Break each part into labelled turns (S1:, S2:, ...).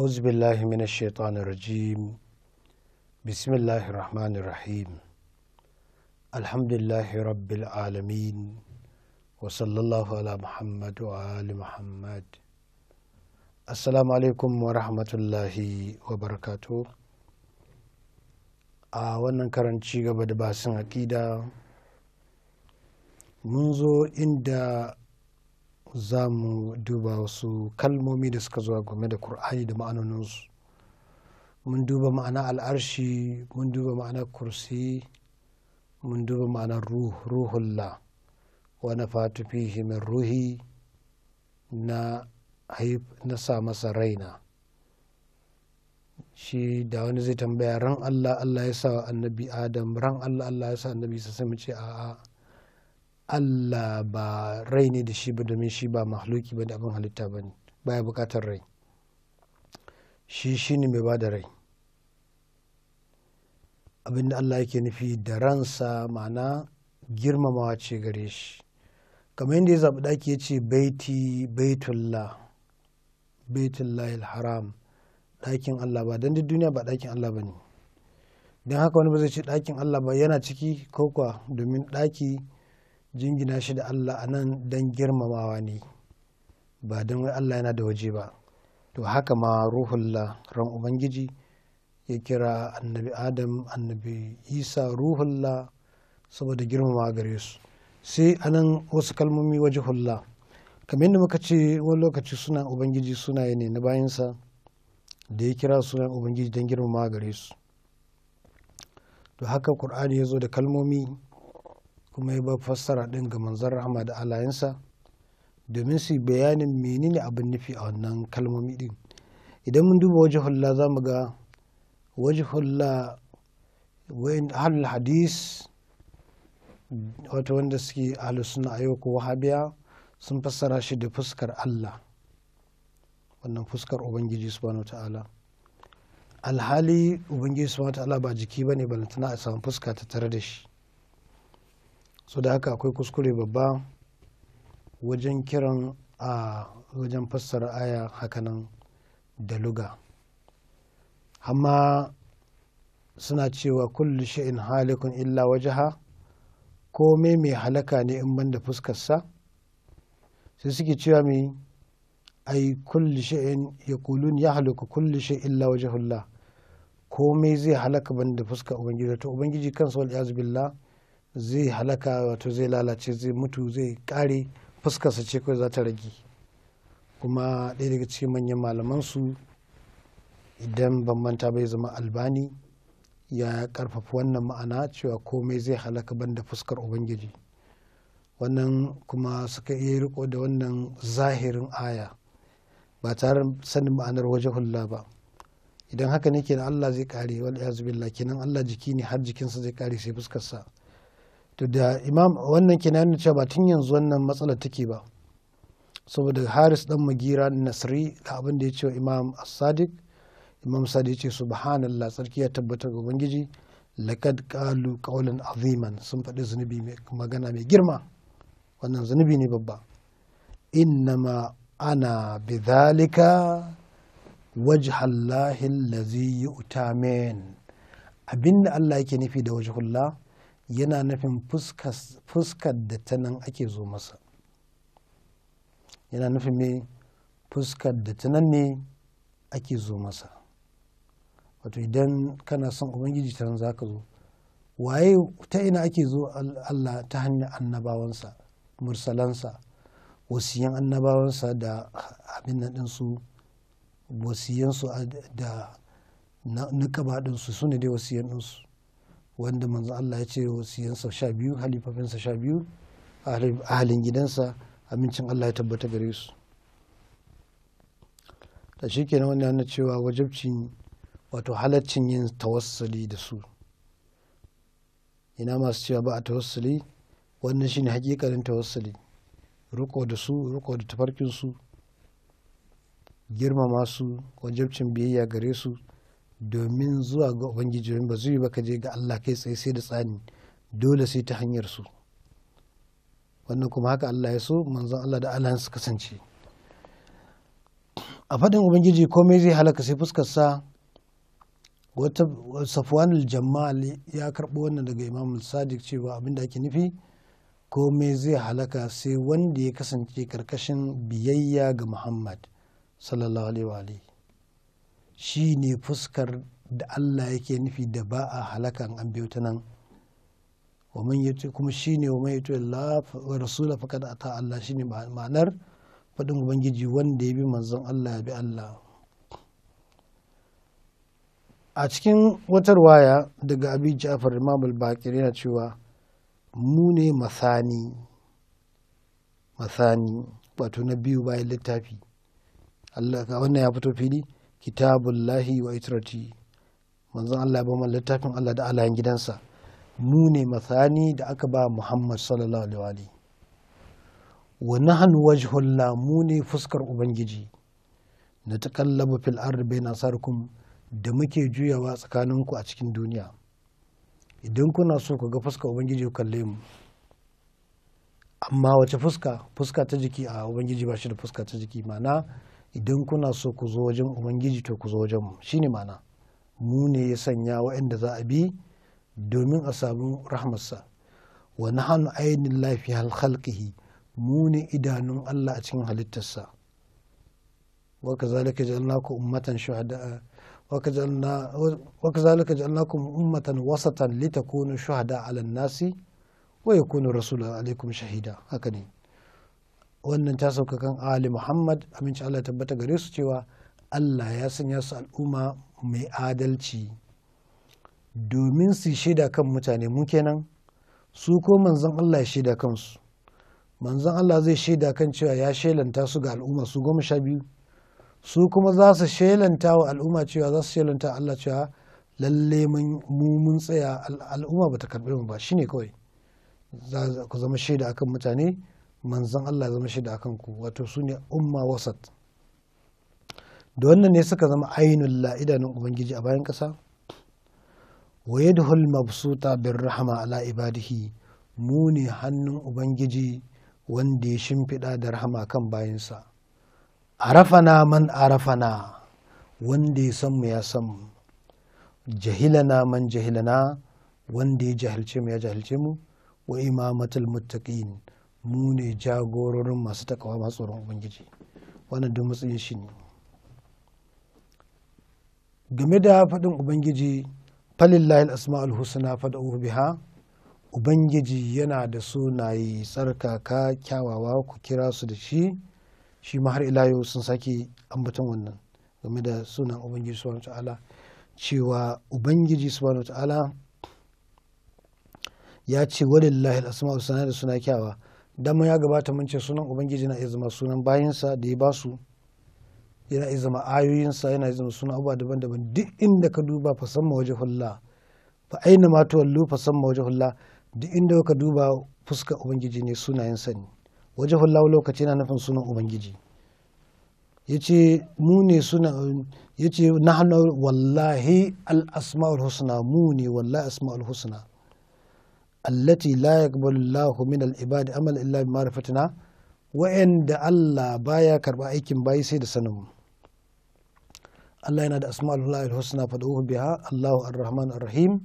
S1: أعوذ بالله من الشيطان الرجيم بسم الله الرحمن الرحيم الحمد لله رب العالمين وصلى الله على محمد وآل محمد assalamu alaikum wa rahmatullahi wa barakatu a wannan karanci gaba da basin aƙida mun zo inda za mu duba wasu kalmomi da suka zuwa game da kur'ani da ma'anoninsu mun duba ma'ana al'arshi mun duba ma'ana kursi mun duba ma'ana ruh ruhullah wani fatu fihi ruhi na na sa masa raina shi da wani zai tambaya ran Allah Allah ya sa annabi Adam ran Allah Allah ya sa annabi sai mu a'a Allah ba rai ne da shi ba domin shi ba mahluki ba da abin halitta ba ne baya bukatar rai shi shi ne mai ba da rai abinda Allah yake nufi da ransa ma'ana girmamawa ce gare shi kamar yadda ya zaɓi ɗaki ya ce baiti baitullah baitullah haram ɗakin Allah ba don duniya ba ɗakin Allah ba ne don haka wani ba zai ce ɗakin Allah ba yana ciki ko kuwa domin ɗaki jingina shi da Allah a nan don girmamawa ne ba don wai Allah yana da waje ba to haka ma ruhullah ran ubangiji ya kira annabi adam annabi isa ruhullah saboda girmama gare su sai a nan wasu kalmomi waje hulla kamar yadda muka ce wani lokaci suna ubangiji sunaye ne na bayansa da ya kira sunan ubangiji don girmama gare su to haka ƙur'ani ya zo da kalmomi kuma ya bar fassara ɗin ga manzon rahama da alayensa domin su bayanin menene abin nufi a wannan kalmomi ɗin idan mun duba waje hulla za mu ga waje hulla hal hadis wato wanda suke ahalusuna a yau ko wahabiya sun fassara shi da fuskar allah wannan fuskar ubangiji subhanahu ta'ala alhali ubangiji subhanahu ta'ala ba jiki bane balantana a samu fuska ta tare da shi so da haka akwai kuskure babba wajen kiran a wajen fassara aya hakanan da luga amma suna cewa kullu sha'in halikun illa wajaha komai mai halaka ne in banda fuskarsa sai suke cewa mai ai kullu sha'in ya kulun ya halaka kullu sha'in illa wajahullah komai zai halaka banda fuskar ubangiji to ubangiji kansa wal billah zai halaka wato zai lalace zai mutu zai kare fuskarsa ce kawai za ta rage kuma ɗaya daga cikin manyan malamansu idan ban manta bai zama albani ya karfafa wannan ma'ana cewa komai zai halaka banda fuskar ubangiji wannan kuma suka iya riko da wannan zahirin aya ba tare sanin ma'anar waje hulla ba idan haka ne kenan allah zai kare wal billah kenan allah jiki ne har jikinsa zai kare sai fuskarsa to da imam wannan ke nuna cewa ba tun yanzu wannan matsala take ba saboda haris dan magira nasri da abin da ya ce imam as-sadiq imam sadiq ce subhanallah tsarki ya tabbatar ga bangiji laqad qalu qawlan aziman sun faɗi zunubi magana mai girma wannan zunubi ne babba innama ana bidhalika wajhallahi allazi yu'tamin abinda Allah yake nufi da wajhullah yana nufin fuskar da ta nan ake zo masa yana nufin me fuskar da ta nan ne ake zo masa wato idan kana son ubangiji ta nan za ka zo waye ta ina ake zo allah ta hanyar annabawansa mursalansa wasiyan annabawansa da abin nan ɗinsu wasiyansu da na ɗinsu su ne dai wasiyan ɗinsu wanda manzo Allah ya ce wasiyansa sha biyu halifafinsa sha biyu a halin gidansa amincin Allah ya tabbata gare su da shi kenan wanda yana cewa wajabcin wato halaccin yin tawassuli da su ina masu cewa ba a tawassuli wannan shine hakikalin tawassuli riko da su riko da tafarkin su girmama su wajabcin biyayya gare su domin zuwa ga ubangiji domin ba zai ba ka je ga Allah kai tsaye sai da tsani dole sai ta hanyar su wannan kuma haka Allah ya so manzon Allah da Allah su kasance a fadin ubangiji komai zai halaka sai fuskarsa wata safwanul jamal ya karbo wannan daga imam sadiq cewa abin da ake nufi komai zai halaka sai wanda ya kasance karkashin biyayya ga muhammad sallallahu alaihi wa alihi shi ne fuskar da Allah yake nufi da ba a halakan an biyo ta nan kuma shi ne wa mai rasula faƙad a Allah shi ne ma'anar faɗin ubangiji wanda ya bi manzon Allah ya bi Allah a cikin wata waya daga abi ja'far imam al yana cewa mu ne masani masani wato na biyu bayan littafi Allah ka wannan ya fito fili kitabullahi wa itirati manzon Allah ba littafin Allah da alayin gidansa mu ne mathani da aka ba Muhammad sallallahu alaihi wa alihi wa nahnu mu ne fuskar ubangiji na taqallabu fil ardi baina sarkum da muke juyawa tsakaninku a cikin duniya idan kuna so ku ga fuska ubangiji ku kalle mu amma wace fuska fuska ta jiki a ubangiji ba shi da fuska ta jiki ma'ana idan kuna so ku zo wajen ubangiji to ku zo wajen mu shine mana mu ne ya sanya waɗanda za a bi domin a samu rahmarsa wa hannu ainin lafi halqihi mu ne idanun Allah a cikin halittarsa wa kazalika ja'alnakum ummatan ummatan wasatan جعلناكم أمة shahada لتكونوا nasi على الناس rasulun alaikum shahida haka ne. wannan ta sauka kan ali muhammad aminci allah tabbata gare su cewa allah ya sanya su al'umma mai adalci domin su shaida kan mutane mu kenan su ko manzon allah ya shaida kansu manzon allah zai shaida kan cewa ya shelanta su ga al'umma su goma sha biyu su kuma za su shelanta wa al'umma cewa za su shelanta allah cewa lalle mu mun tsaya al'umma bata karbe mu ba shine kawai za ku zama shaida akan mutane manzan Allah ya zama shida akan ku wato su ne umma wasat da wannan ne suka zama ainihin la'idanin idanun ubangiji a bayan ƙasa wa yadhul mabsuta bir rahma ala ibadihi mu ne hannun ubangiji wanda ya shimfiɗa da rahama kan bayansa arafana man arafana wanda ya san mu ya san mu jahilana man jahilana wanda ya jahilce mu ya jahilce mu wa imamatul muttaqin mu ne jagororin masu takawa masu tsoron ubangiji wannan duk matsayin shi ne game da faɗin ubangiji falillahi asma'ul husna fad'uhu biha ubangiji yana da sunaye tsarkaka kyawawa ku kira su da shi shi ma har ila yau sun sake ambaton wannan game da sunan ubangiji subhanahu ta'ala cewa ubangiji subhanahu ta'ala ya ce walillahi asma'ul husna da suna kyawawa dan ya gabata mun ce sunan ubangiji na iya zama sunan bayinsa da ya basu yana iya ayoyinsa yana iya zama sunan abubuwa daban-daban duk inda ka duba fa san waje hulla fa aina ma fa san waje hulla duk inda ka duba fuska ubangiji ne sunayen sani waje hulla lokaci yana nufin sunan ubangiji yace mu ne suna yace nahnu wallahi al asmaul husna mu ne wallahi asmaul husna allati la yaqbalu Allahu min al-ibad amal illa bi ma'rifatina Allah baya karba aikin bayi sai da sanin mu Allah yana da asma'ul husna fad'uhu biha Allahu ar-rahman ar-rahim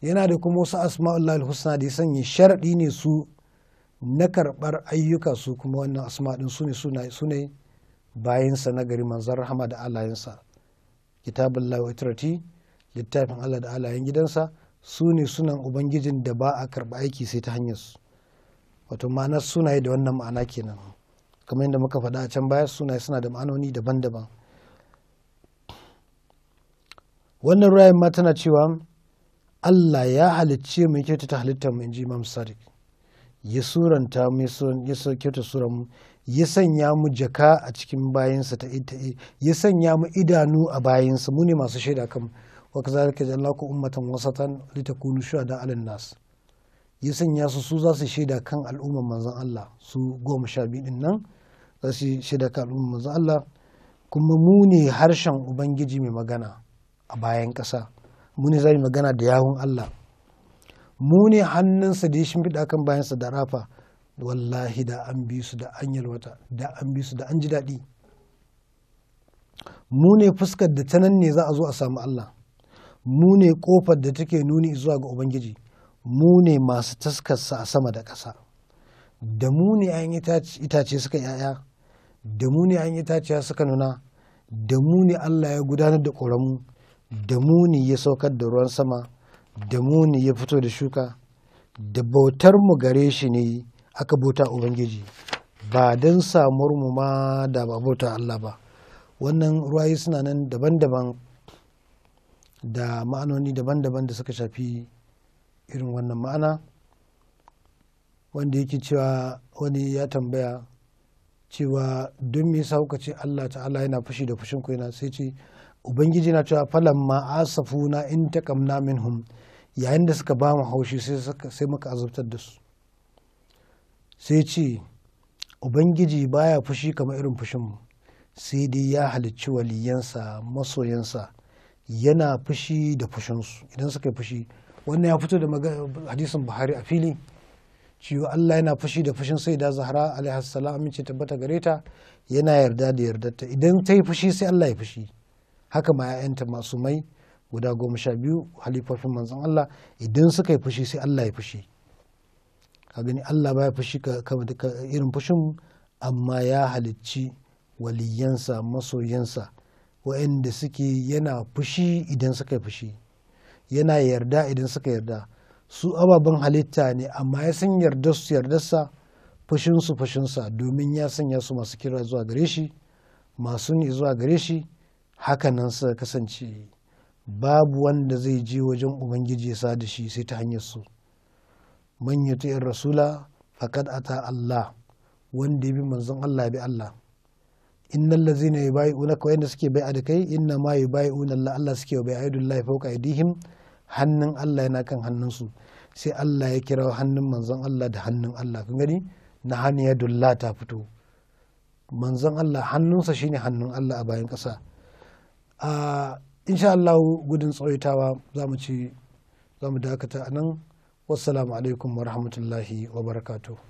S1: yana da kuma wasu asma'ul husna da ya sanya sharadi ne su na karbar ayyuka su kuma wannan asma din su ne su ne bayansa na gari manzan rahama da alayensa kitabun lawatirati littafin Allah da alayen gidansa su ne sunan ubangijin da ba a karɓi aiki sai ta hanyar hanyarsu wato ma'ana sunaye da wannan ma'ana kenan kamar yadda muka faɗa a can baya sunaye suna da ma'anoni daban-daban wannan ruwayan ma tana cewa Allah ya halicce mu kyauta ta halittar mu inji Imam Sadiq ya suranta mu ya kyauta suran mu ya sanya mu jaka a cikin bayansa ta ita ya sanya mu idanu a bayansa mu ne masu shaida kanmu wa kazalika jallaku ummatan wasatan litakunu shuhada 'alan nas ya sanya su su za su shaida kan al'umman manzon Allah su goma sha biyu din nan za su shaida kan al'umman manzon Allah kuma mu ne harshen ubangiji mai magana a bayan kasa mu ne za magana da yawun Allah mu ne hannunsa da ya shimfiɗa kan bayansa da rafa wallahi da an bi su da an yalwata da an bi su da an ji daɗi mu ne fuskar da ta nan ne za a zo a samu Allah mu ne kofar da take nuni zuwa ga ubangiji mu ne masu taskarsa a sama da ƙasa da mu ne an itace suka yaya da mu ne an itaciya suka nuna da mu ne allah ya gudanar da ƙoramu da mu ne ya saukar da ruwan sama da mu ne ya fito da shuka da bautar mu gare shi ne aka bauta ubangiji ba don samuwar mu ma da ba bauta allah ba wannan ruwayi suna nan daban-daban da ma'anoni daban-daban da suka shafi irin wannan ma'ana wanda yake cewa wani ya tambaya cewa don me yasa kuka ce Allah ta'ala yana fushi da fushin ku yana sai ce ubangiji na cewa falan ma na in taqamna minhum yayin da suka ba mu haushi sai muka azabtar da su sai ce ubangiji baya fushi kamar irin fushin mu sai dai ya halicci waliyansa masoyansa yana fushi da fushinsu idan suka yi fushi wannan ya fito da hadisin buhari a fili ciwo allah yana fushi da fushin sai da zahara alaihi salam amince tabbata gare ta yana yarda da yardarta idan ta yi fushi sai allah ya fushi haka ma 'ya'yanta masu mai guda goma sha biyu halifofin manzon allah idan suka yi fushi sai allah ya fushi ka gani allah baya fushi ka irin fushin amma ya halicci waliyansa masoyansa waɗanda suke yana fushi idan suka fushi yana yarda idan suka yarda su ababen halitta ne amma ya san yarda su yardarsa fushinsu fushinsa domin ya sanya su masu kira zuwa gare shi masu ne zuwa gare shi hakanan suka kasance babu wanda zai je wajen ubangiji ya sa da shi sai ta hanyar su manyan yuti rasula faqad ata Allah wanda ya bi manzon Allah bi Allah innal ladzina yubai'unaka wayanda suke bai'a da kai inna ma yubai'una Allah Allah suke wa bai'adullahi fawqa aydihim hannun Allah yana kan hannun su sai Allah ya kira hannun manzon Allah da hannun Allah kun gani na ya dulla ta fito manzon Allah hannunsa shine hannun Allah a bayan kasa a insha Allah gudun tsawaitawa za mu ci za mu dakata anan wassalamu alaikum wa rahmatullahi wa barakatuh